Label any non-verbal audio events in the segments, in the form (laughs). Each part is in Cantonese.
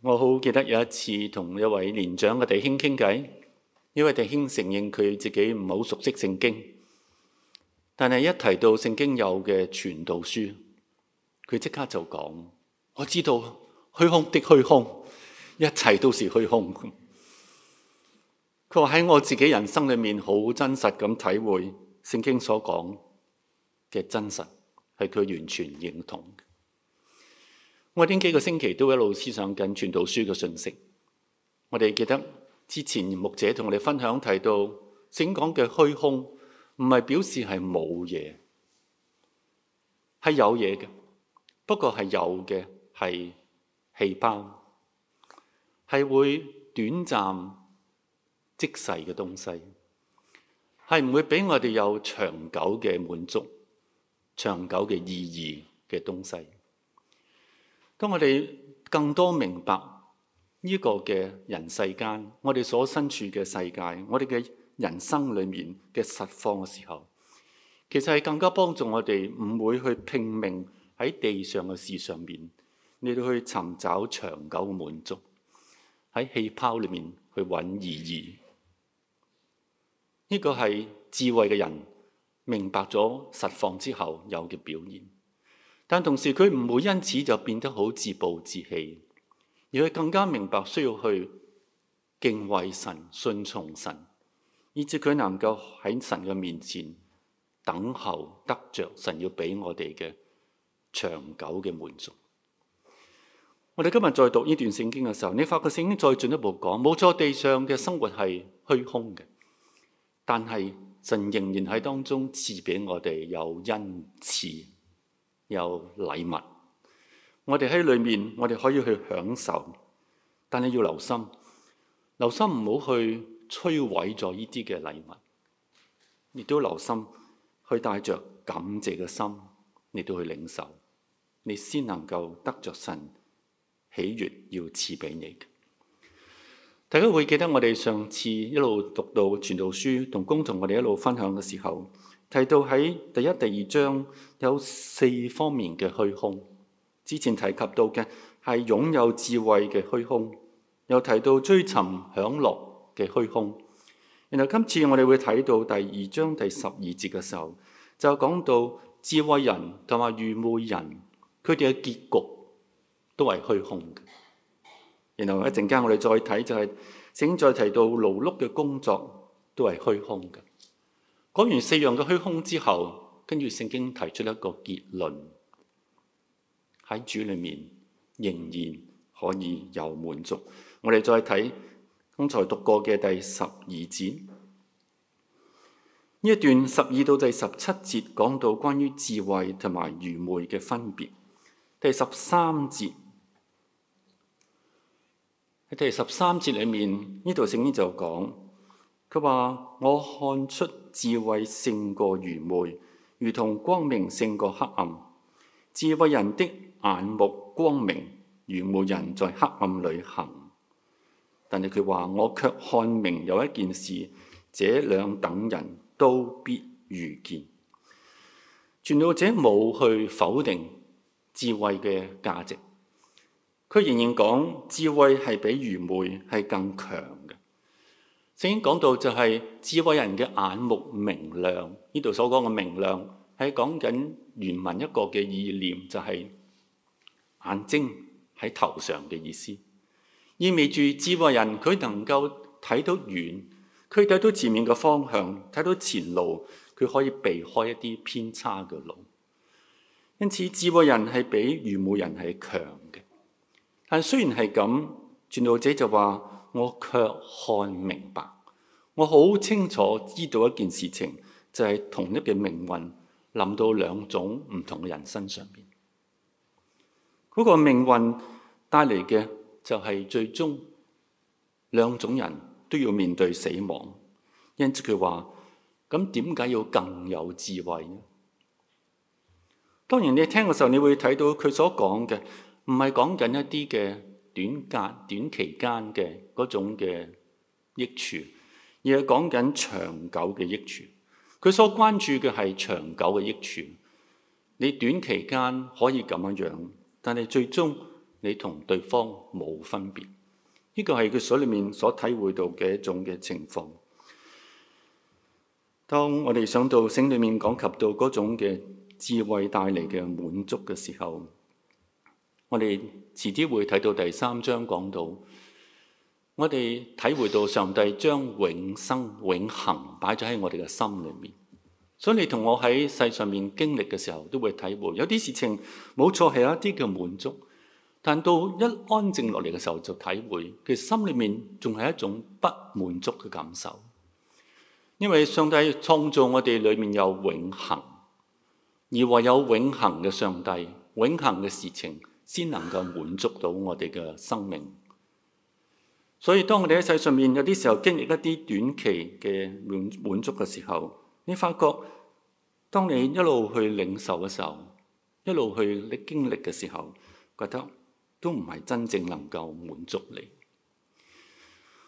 我好記得有一次同一位年長嘅弟兄傾偈，呢位弟兄承認佢自己唔好熟悉聖經，但係一提到聖經有嘅傳道書，佢即刻就講：我知道虛空的虛空，一切都是虛空。佢話喺我自己人生裏面好真實咁體會聖經所講嘅真實，係佢完全認同。我呢幾個星期都一路思想緊《傳道書》嘅信息。我哋記得之前牧者同我哋分享提到，整講嘅虛空唔係表示係冇嘢，係有嘢嘅，不過係有嘅係氣泡，係會短暫即逝嘅東西，係唔會俾我哋有長久嘅滿足、長久嘅意義嘅東西。當我哋更多明白呢個嘅人世間，我哋所身處嘅世界，我哋嘅人生裏面嘅實況嘅時候，其實係更加幫助我哋唔會去拼命喺地上嘅事上面，嚟到去尋找長久嘅滿足，喺氣泡裏面去揾意義。呢、這個係智慧嘅人明白咗實況之後有嘅表現。但同時佢唔會因此就變得好自暴自棄，而佢更加明白需要去敬畏神、信從神，以至佢能夠喺神嘅面前等候，得着神要俾我哋嘅長久嘅滿足。我哋今日再讀呢段聖經嘅時候，你發覺聖經再進一步講，冇錯，地上嘅生活係虛空嘅，但係神仍然喺當中賜俾我哋有恩賜。有禮物，我哋喺裏面，我哋可以去享受，但係要留心，留心唔好去摧毀咗呢啲嘅禮物，亦都留心去帶着感謝嘅心，你都去領受，你先能夠得着神喜悅要賜俾你嘅。大家會記得我哋上次一路讀到傳道書同工同我哋一路分享嘅時候。提到喺第一、第二章有四方面嘅虛空，之前提及到嘅係擁有智慧嘅虛空，又提到追尋享樂嘅虛空。然後今次我哋會睇到第二章第十二節嘅時候，就講到智慧人同埋愚昧人，佢哋嘅結局都係虛空嘅。然後一陣間我哋再睇就係、是、請再提到勞碌嘅工作都係虛空嘅。講完四樣嘅虛空之後，跟住聖經提出一個結論：喺主裏面仍然可以有滿足。我哋再睇剛才讀過嘅第十二節，呢一段十二到第十七節講到關於智慧同埋愚昧嘅分別。第十三節，喺第十三節裏面，呢度聖經就講。佢話：我看出智慧勝過愚昧，如同光明勝過黑暗。智慧人的眼目光明，愚昧人在黑暗裏行。但係佢話：我卻看明有一件事，這兩等人都必遇見。傳道者冇去否定智慧嘅價值，佢仍然講智慧係比愚昧係更強。正經講到就係智慧人嘅眼目明亮，呢度所講嘅明亮，係講緊原文一個嘅意念，就係、是、眼睛喺頭上嘅意思，意味住智慧人佢能夠睇到遠，佢睇到前面嘅方向，睇到前路，佢可以避開一啲偏差嘅路。因此智慧人係比愚昧人係強嘅，但雖然係咁，傳道者就話。我卻看明白，我好清楚知道一件事情，就係、是、同一嘅命運臨到兩種唔同嘅人身上面。嗰、那個命運帶嚟嘅就係最終兩種人都要面對死亡，因此佢話：咁點解要更有智慧呢？當然你聽嘅時候，你會睇到佢所講嘅唔係講緊一啲嘅。短間、短期間嘅嗰種嘅益處，而係講緊長久嘅益處。佢所關注嘅係長久嘅益處。你短期間可以咁樣樣，但係最終你同對方冇分別。呢、呢個係佢所裡面所體會到嘅一種嘅情況。當我哋想到聖裡面講及到嗰種嘅智慧帶嚟嘅滿足嘅時候，我哋遲啲會睇到第三章講到，我哋體會到上帝將永生永恆擺咗喺我哋嘅心裏面。所以你同我喺世上面經歷嘅時候，都會體會有啲事情冇錯係一啲嘅滿足，但到一安靜落嚟嘅時候，就體會其實心裏面仲係一種不滿足嘅感受，因為上帝創造我哋裏面有永恆，而唯有永恆嘅上帝、永恆嘅事情。先能夠滿足到我哋嘅生命，所以當我哋喺世上面有啲時候經歷一啲短期嘅滿滿足嘅時候，你發覺當你一路去領受嘅時候，一路去歷經歷嘅時候，覺得都唔係真正能夠滿足你。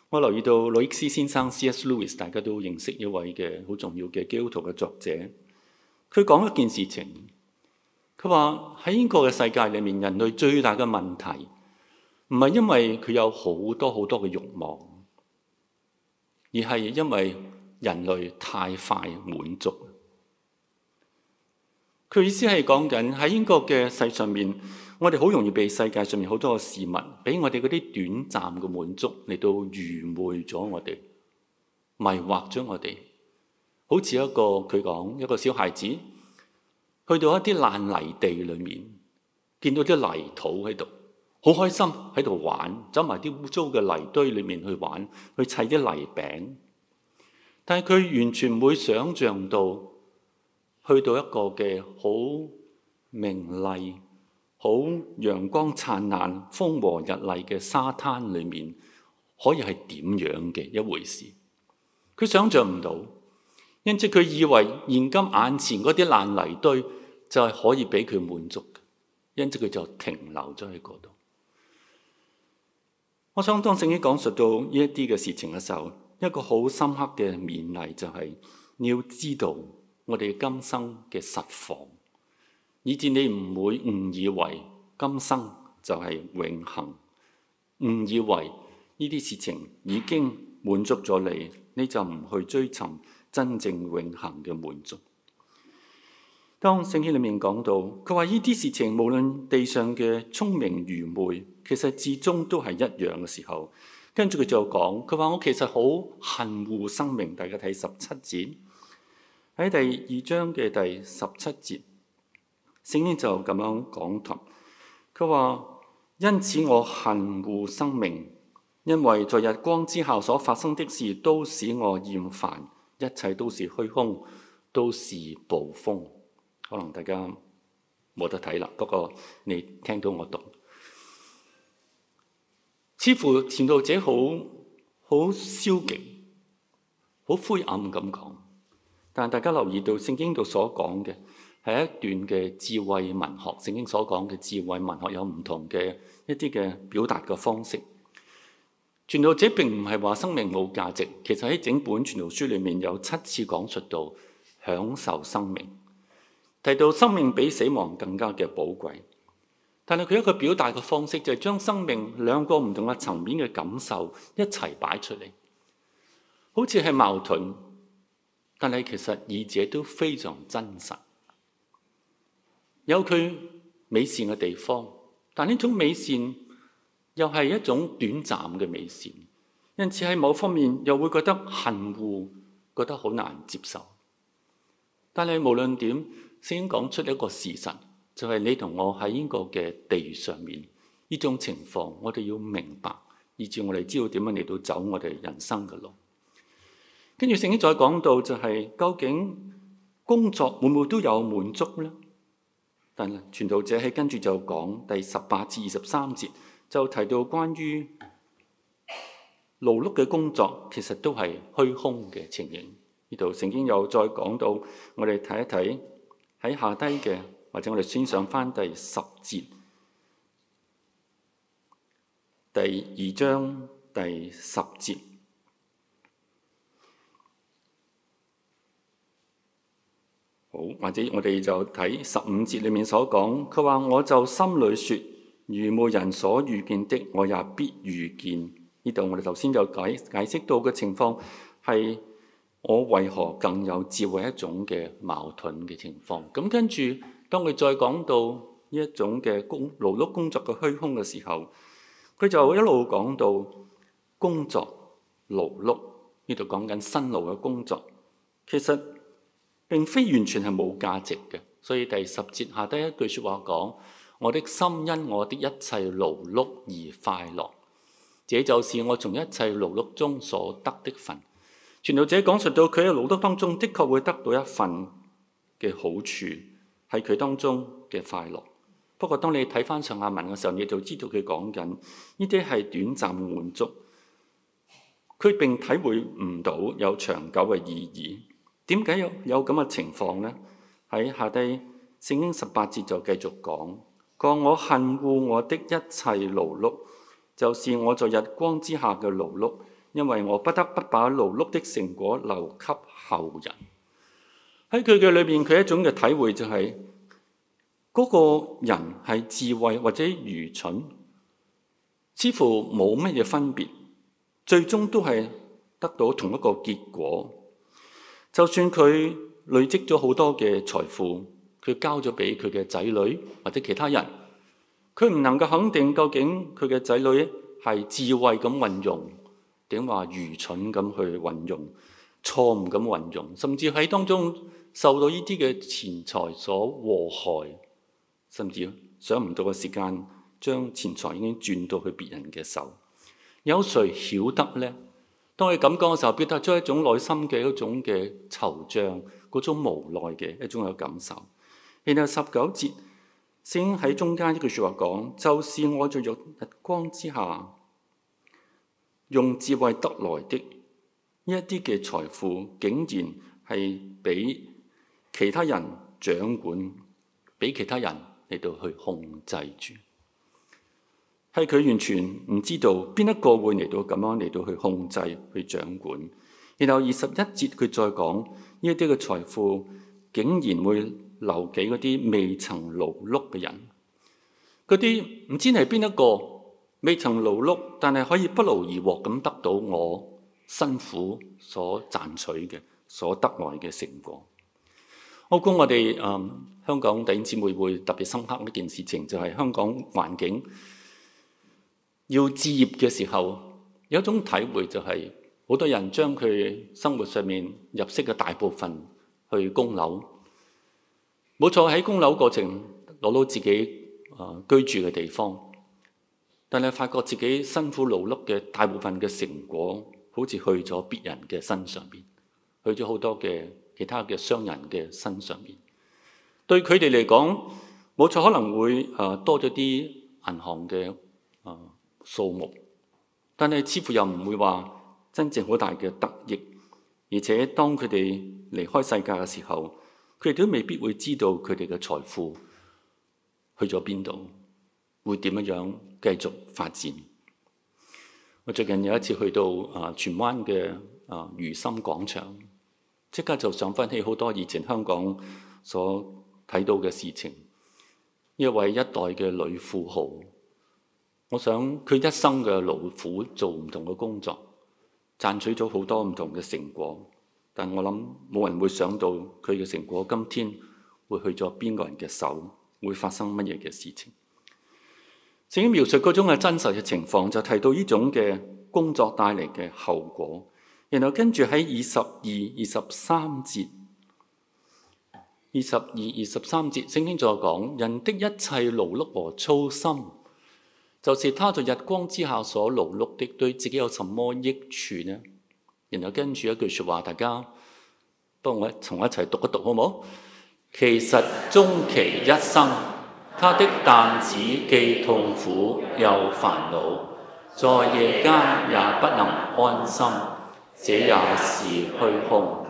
我留意到路易斯先生 C.S. Lewis，大家都認識一位嘅好重要嘅基督徒嘅作者，佢講一件事情。佢話喺英國嘅世界裏面，人類最大嘅問題唔係因為佢有好多好多嘅慾望，而係因為人類太快滿足。佢意思係講緊喺英國嘅世上面，我哋好容易被世界上面好多嘅事物，俾我哋嗰啲短暫嘅滿足嚟到愚昧咗我哋，迷惑咗我哋。好似一個，佢講一個小孩子。去到一啲爛泥地裏面，見到啲泥土喺度，好開心喺度玩，走埋啲污糟嘅泥堆裏面去玩，去砌啲泥餅。但係佢完全唔會想像到，去到一個嘅好明麗、好陽光燦爛、風和日麗嘅沙灘裏面，可以係點樣嘅一回事？佢想像唔到，因此佢以為現今眼前嗰啲爛泥堆。就係可以俾佢滿足，因此佢就停留咗喺嗰度。我想當聖經講述到呢一啲嘅事情嘅時候，一個好深刻嘅勉勵就係、是、你要知道我哋今生嘅實況，以至你唔會誤以為今生就係永恆，誤以為呢啲事情已經滿足咗你，你就唔去追尋真正永恆嘅滿足。當聖經裏面講到佢話呢啲事情，無論地上嘅聰明愚昧，其實至終都係一樣嘅時候，跟住佢就講佢話：我其實好恨惡生命。大家睇十七節，喺第二章嘅第十七節，聖經就咁樣講同佢話：因此我恨惡生命，因為在日光之下所發生的事都使我厭煩，一切都是虛空，都是捕風。可能大家冇得睇啦，不過你聽到我讀，似乎傳道者好好消極、好灰暗咁講。但大家留意到聖經度所講嘅係一段嘅智慧文學。聖經所講嘅智慧文學有唔同嘅一啲嘅表達嘅方式。傳道者並唔係話生命冇價值，其實喺整本傳道書裡面有七次講述到享受生命。提到生命比死亡更加嘅寶貴，但係佢一個表達嘅方式就係將生命兩個唔同嘅層面嘅感受一齊擺出嚟，好似係矛盾，但係其實二者都非常真實，有佢美善嘅地方，但呢種美善又係一種短暫嘅美善，因此喺某方面又會覺得恨惡，覺得好難接受，但係無論點。先講出一個事實，就係、是、你同我喺呢個嘅地上面呢種情況，我哋要明白，以至我哋知道點樣嚟到走我哋人生嘅路。跟住聖經再講到就係、是、究竟工作會唔會都有滿足呢？但係傳道者喺跟住就講第十八至二十三節就提到關於勞碌嘅工作，其實都係虛空嘅情形。呢度聖經又再講到，我哋睇一睇。喺下低嘅，或者我哋先上翻第十節，第二章第十節。好，或者我哋就睇十五節裡面所講，佢話我就心裏説，如冇人所遇見的，我也必遇見。呢度我哋頭先就解解釋到嘅情況係。我為何更有智慧，一種嘅矛盾嘅情況，咁跟住，當佢再講到呢一種嘅工勞碌工作嘅虛空嘅時候，佢就一路講到工作勞碌，呢度講緊辛勞嘅工作，其實並非完全係冇價值嘅。所以第十節下第一句說話講，我的心因我的一切勞碌而快樂，這就是我從一切勞碌中所得的份。傳道者講述到佢喺勞碌當中，的確會得到一份嘅好處，係佢當中嘅快樂。不過，當你睇翻上下文嘅時候，你就知道佢講緊呢啲係短暫滿足，佢並體會唔到有長久嘅意義。點解有有咁嘅情況呢？喺下低聖經十八節就繼續講，講我恨惡我的一切勞碌，就是我在日光之下嘅勞碌。因為我不得不把勞碌的成果留給後人。喺佢嘅裏面，佢有一種嘅體會就係、是、嗰、那個人係智慧或者愚蠢，似乎冇乜嘢分別。最終都係得到同一個結果。就算佢累積咗好多嘅財富，佢交咗畀佢嘅仔女或者其他人，佢唔能夠肯定究竟佢嘅仔女係智慧噉運用。點話愚蠢咁去運用，錯誤咁運用，甚至喺當中受到呢啲嘅錢財所禍害，甚至想唔到嘅時間，將錢財已經轉到去別人嘅手，有誰曉得呢？當你咁講嘅時候，表達出一種內心嘅一種嘅惆悵，嗰種無奈嘅一種嘅感受。然後十九節，先喺中間一句說話講，就是我在日光之下。用智慧得來的呢一啲嘅財富，竟然係俾其他人掌管，俾其他人嚟到去控制住，係佢完全唔知道邊一個會嚟到咁樣嚟到去控制、去掌管。然後二十一節佢再講，呢一啲嘅財富竟然會留俾嗰啲未曾勞碌嘅人，嗰啲唔知係邊一個。未曾勞碌，但係可以不勞而獲咁得到我辛苦所賺取嘅所得來嘅成果。 (noise) 我估我哋誒、嗯、香港弟兄姊妹會特別深刻呢件事情，情就係、是、香港環境要置業嘅時候，有一種體會就係、是、好多人將佢生活上面入息嘅大部分去供樓。冇錯，喺供樓過程攞到自己、呃、居住嘅地方。但係發覺自己辛苦勞碌嘅大部分嘅成果，好似去咗別人嘅身上邊，去咗好多嘅其他嘅商人嘅身上邊。對佢哋嚟講，冇錯可能會誒多咗啲銀行嘅誒數目，但係似乎又唔會話真正好大嘅得益。而且當佢哋離開世界嘅時候，佢哋都未必會知道佢哋嘅財富去咗邊度。會點樣繼續發展？我最近有一次去到啊荃灣嘅啊如心廣場，即刻就想翻起好多以前香港所睇到嘅事情。一位一代嘅女富豪，我想佢一生嘅勞苦做唔同嘅工作，賺取咗好多唔同嘅成果。但我諗冇人會想到佢嘅成果，今天會去咗邊個人嘅手，會發生乜嘢嘅事情？聖經描述嗰種真實嘅情況，就提到呢種嘅工作帶嚟嘅後果。然後跟住喺二十二、二十三節、二十二、二十三節，聖經在講人的一切勞碌和操心，就是他在日光之下所勞碌的，對自己有什麼益處呢？然後跟住一句說話，大家，幫我同我一齊讀一讀好唔好？其實終其一生。他的擔子既痛苦又煩惱，在夜間也不能安心，這也是虛空，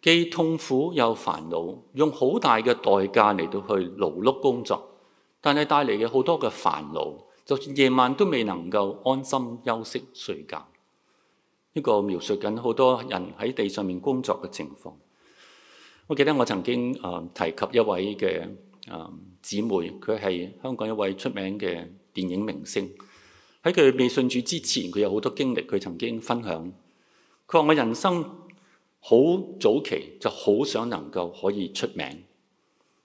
既痛苦又煩惱，用好大嘅代價嚟到去勞碌工作，但係帶嚟嘅好多嘅煩惱，就算夜晚都未能夠安心休息睡覺。呢、這個描述緊好多人喺地上面工作嘅情況。我記得我曾經誒、呃、提及一位嘅。啊，姊妹，佢係香港一位出名嘅電影明星。喺佢未信主之前，佢有好多經歷，佢曾經分享。佢話：我人生好早期就好想能夠可以出名，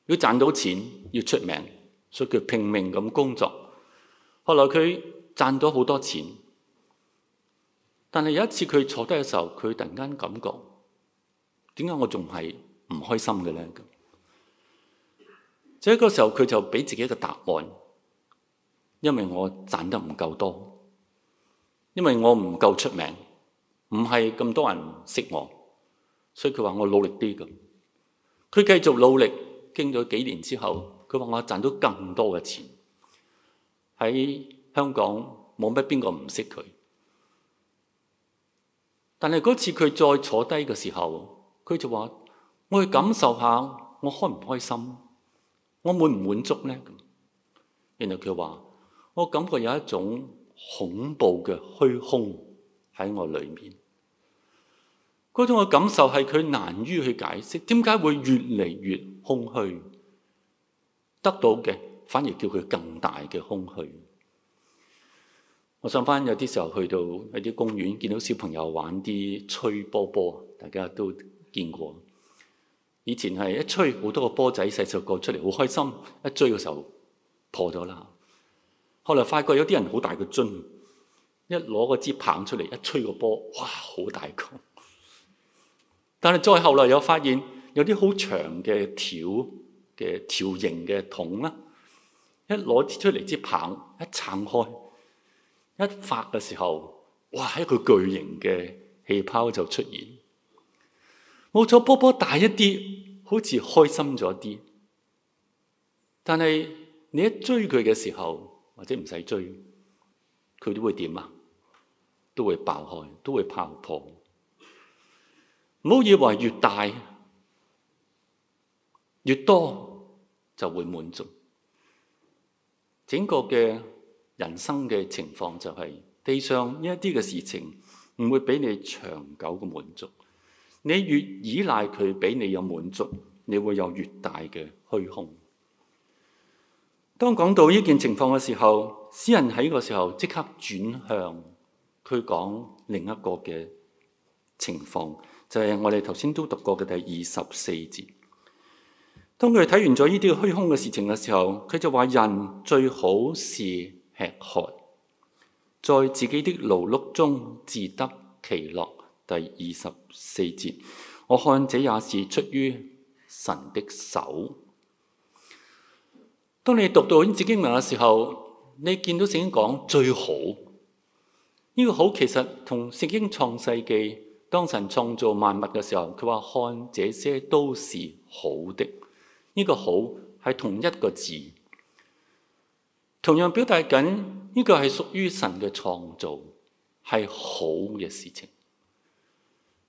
如果賺到錢，要出名，所以佢拼命咁工作。後來佢賺到好多錢，但係有一次佢坐低嘅時候，佢突然間感覺：點解我仲係唔開心嘅咧？就喺嗰時候，佢就俾自己一個答案，因為我賺得唔夠多，因為我唔夠出名，唔係咁多人認識我，所以佢話我努力啲嘅。佢繼續努力，經咗幾年之後，佢話我賺到更多嘅錢，喺香港冇乜邊個唔識佢。但係嗰次佢再坐低嘅時候，佢就話：我去感受一下我開唔開心。我滿唔滿足咧？然後佢話：我感覺有一種恐怖嘅虛空喺我裏面。嗰種嘅感受係佢難於去解釋。點解會越嚟越空虛？得到嘅反而叫佢更大嘅空虛。我想翻有啲時候去到一啲公園，見到小朋友玩啲吹波波，大家都見過。以前係一吹好多個波仔細細個出嚟，好開心。一追嘅時候破咗啦。後來發覺有啲人好大個樽，一攞個支棒出嚟一吹個波，哇好大個！但係再後來又發現有啲好長嘅條嘅條形嘅桶啦，一攞出嚟支棒一撐開，一發嘅時候，哇！一個巨型嘅氣泡就出現。冇錯，波波大一啲，好似開心咗啲。但係你一追佢嘅時候，或者唔使追，佢都會點啊？都會爆開，都會爆破。唔好以為越大，越多就會滿足。整個嘅人生嘅情況就係、是、地上呢一啲嘅事情，唔會俾你長久嘅滿足。你越依賴佢俾你有滿足，你會有越大嘅虛空。當講到呢件情況嘅時候，詩人喺個時候即刻轉向佢講另一個嘅情況，就係我哋頭先都讀過嘅第二十四節。當佢睇完咗呢啲虛空嘅事情嘅時候，佢就話：人最好是吃喝，在自己的勞碌中自得其樂。第二十四節，我看這也是出於神的手。當你讀到英字經文嘅時候，你見到聖經講最好呢個好，其實同聖經創世紀當神創造萬物嘅時候，佢話看這些都是好的，呢個好係同一個字，同樣表達緊呢個係屬於神嘅創造，係好嘅事情。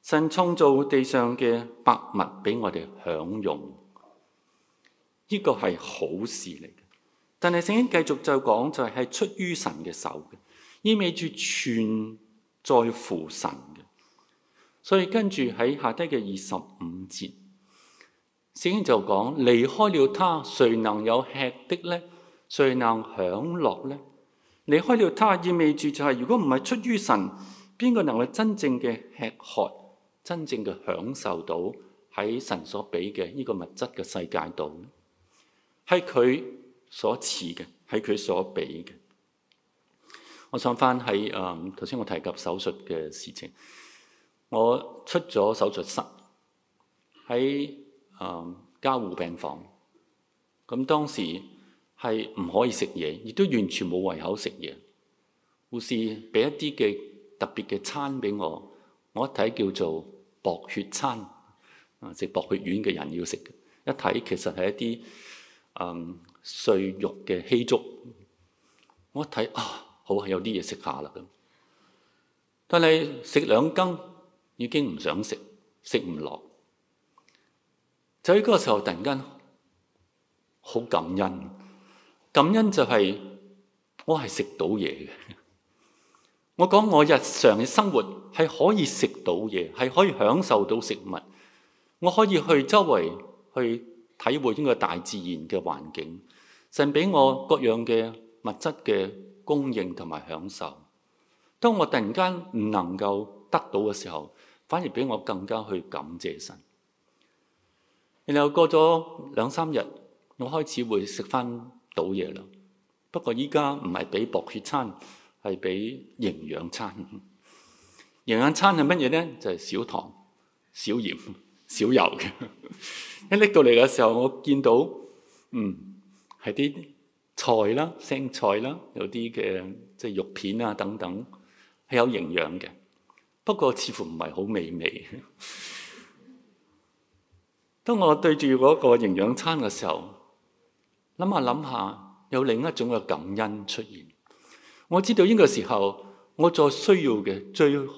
神創造地上嘅百物俾我哋享用，呢、這個係好事嚟嘅。但係聖經繼續就講就係出於神嘅手嘅，意味住全在乎神嘅。所以跟住喺下低嘅二十五節，聖經就講離開了他，誰能有吃的呢？誰能享樂呢？離開了他，意味住就係、是、如果唔係出於神，邊個能夠真正嘅吃喝？真正嘅享受到喺神所俾嘅呢個物質嘅世界度，係佢所賜嘅，係佢所俾嘅。我想返喺誒頭先我提及手術嘅事情，我出咗手術室喺誒、嗯、加護病房，咁當時係唔可以食嘢，亦都完全冇胃口食嘢。護士俾一啲嘅特別嘅餐俾我，我一睇叫做薄血餐啊，食薄血丸嘅人要食嘅，一睇其實係一啲、嗯、碎肉嘅稀粥。我一睇啊，好係有啲嘢食下啦咁。但係食兩羹已經唔想食，食唔落。就喺嗰個時候，突然間好感恩，感恩就係、是、我係食到嘢嘅。我講我日常嘅生活係可以食到嘢，係可以享受到食物。我可以去周圍去體會呢個大自然嘅環境，神俾我各樣嘅物質嘅供應同埋享受。當我突然間唔能夠得到嘅時候，反而俾我更加去感謝神。然後過咗兩三日，我開始會食翻到嘢啦。不過依家唔係俾薄血餐，係俾營養餐，營養餐係乜嘢咧？就係、是、少糖、少鹽、少油嘅。一 (laughs) 拎到嚟嘅時候，我見到嗯係啲菜啦、青菜啦，有啲嘅即係肉片啊等等，係有營養嘅。 (laughs) 不過似乎唔係好美味。 (laughs) 當我對住嗰個營養餐嘅時候，諗下諗下，有另一種嘅感恩出現。我知道呢個時候我最需要嘅、最好、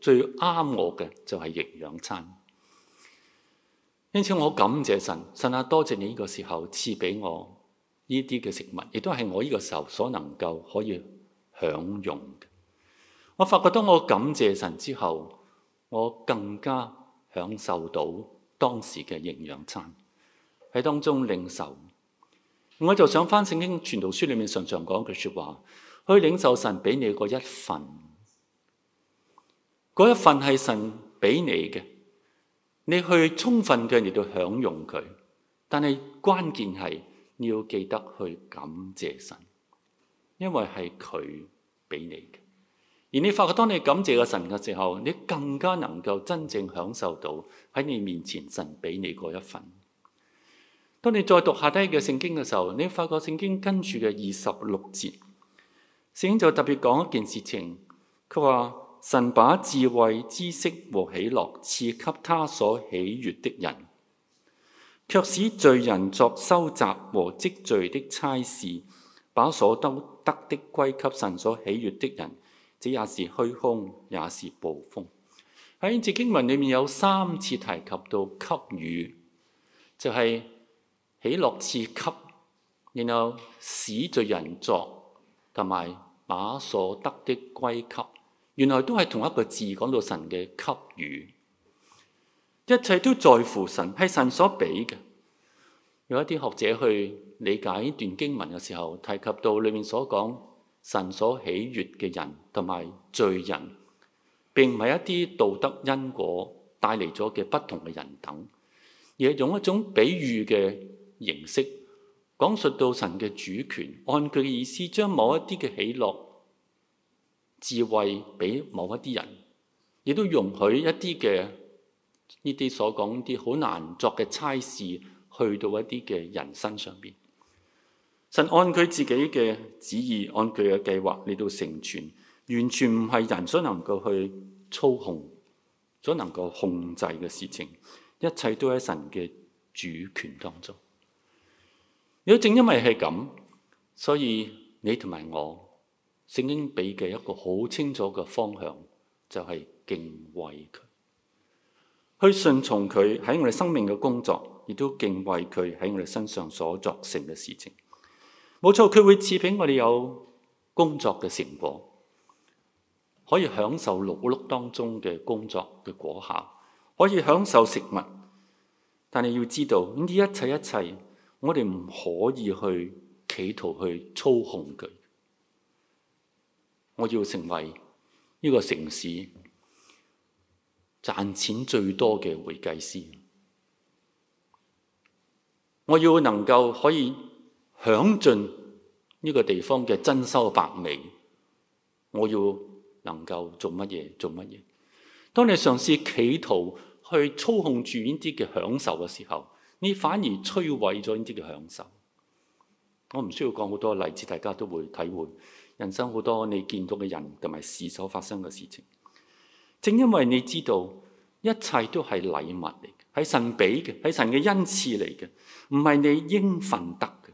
最啱我嘅就係、是、營養餐，因此我感謝神，神啊，多謝你呢個時候賜俾我呢啲嘅食物，亦都係我呢個時候所能夠可以享用嘅。我發覺當我感謝神之後，我更加享受到當時嘅營養餐，喺當中領受。我就想翻聖經傳道書裏面常常講一句說話。去領受神俾你嗰一份，嗰一份係神俾你嘅，你去充分嘅嚟到享用佢。但係關鍵係你要記得去感謝神，因為係佢俾你嘅。而你發覺當你感謝個神嘅時候，你更加能夠真正享受到喺你面前神俾你嗰一份。當你再讀下低嘅聖經嘅時候，你發覺聖經跟住嘅二十六節。聖經就特別講一件事情，佢話神把智慧、知識和喜樂賜給他所喜悦的人，卻使罪人作收集和積聚的差事，把所得的歸給神所喜悦的人，這也是虛空，也是暴風。喺《呢節經文》裏面有三次提及到給予，就係、是、喜樂賜給，然後使罪人作，同埋。把所得的歸給，原來都係同一個字，講到神嘅給予，一切都在乎神，係神所俾嘅。有一啲學者去理解呢段經文嘅時候，提及到裏面所講神所喜悅嘅人同埋罪人，並唔係一啲道德因果帶嚟咗嘅不同嘅人等，而係用一種比喻嘅形式。講述到神嘅主權，按佢嘅意思，將某一啲嘅喜樂、智慧俾某一啲人，亦都容許一啲嘅呢啲所講啲好難作嘅差事去到一啲嘅人身上邊。神按佢自己嘅旨意，按佢嘅計劃嚟到成全，完全唔係人所能夠去操控、所能夠控制嘅事情，一切都喺神嘅主權當中。如果正因為係咁，所以你同埋我，聖經俾嘅一個好清楚嘅方向，就係敬畏佢，去順從佢喺我哋生命嘅工作，亦都敬畏佢喺我哋身上所作成嘅事情。冇錯，佢會賜俾我哋有工作嘅成果，可以享受勞碌當中嘅工作嘅果效，可以享受食物。但係要知道呢一切一切。我哋唔可以去企圖去操控佢。我要成為呢個城市賺錢最多嘅會計師。我要能夠可以享盡呢個地方嘅珍饈百味。我要能夠做乜嘢？做乜嘢？當你嘗試企圖去操控住呢啲嘅享受嘅時候，你反而摧毀咗呢啲嘅享受。我唔需要講好多例子，大家都會體會。人生好多你見到嘅人同埋事所發生嘅事情，正因為你知道一切都係禮物嚟嘅，係神俾嘅，係神嘅恩賜嚟嘅，唔係你應份得嘅。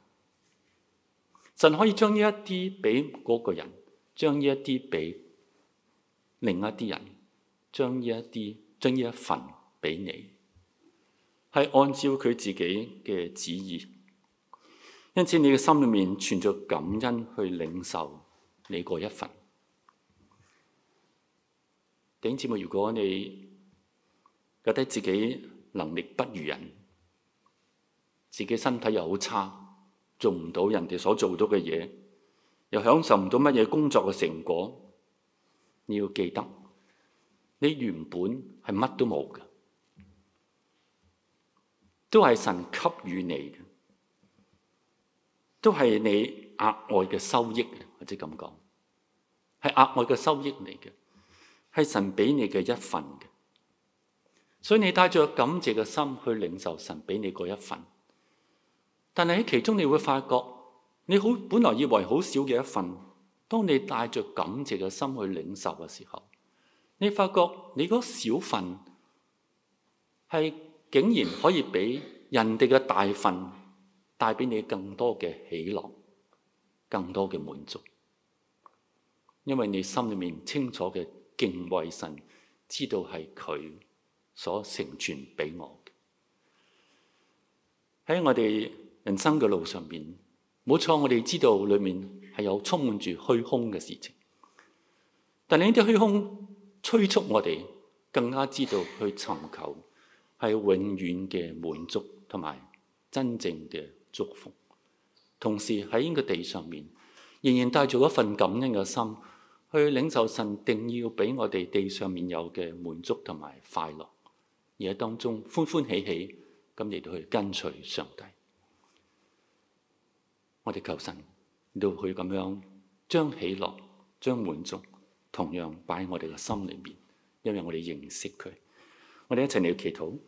神可以將呢一啲俾嗰個人，將呢一啲俾另一啲人，將呢一啲，將呢一份俾你。係按照佢自己嘅旨意，因此你嘅心裏面存着感恩去領受你嗰一份。頂住咪？如果你覺得自己能力不如人，自己身體又好差，做唔到人哋所做到嘅嘢，又享受唔到乜嘢工作嘅成果，你要記得，你原本係乜都冇嘅。都係神給予你嘅，都係你額外嘅收益。或者咁講，係額外嘅收益嚟嘅，係神俾你嘅一份嘅。所以你帶着感謝嘅心去領受神俾你嗰一份，但係喺其中你會發覺，你好，本來以為好少嘅一份，當你帶着感謝嘅心去領受嘅時候，你發覺你嗰少份係。竟然可以俾人哋嘅大份帶俾你更多嘅喜樂，更多嘅滿足，因為你心裏面清楚嘅敬畏神，知道係佢所成全俾我嘅。喺我哋人生嘅路上面，冇錯，我哋知道裡面係有充滿住虛空嘅事情，但你呢啲虛空催促我哋更加知道去尋求。係永遠嘅滿足同埋真正嘅祝福，同時喺呢個地上面，仍然帶住一份感恩嘅心去領受神定要俾我哋地上面有嘅滿足同埋快樂，而喺當中，歡歡喜喜咁亦都去跟隨上帝。我哋求神，令到佢咁樣將喜樂、將滿足，同樣擺喺我哋嘅心裏面，因為我哋認識佢。我哋一齊嚟祈禱。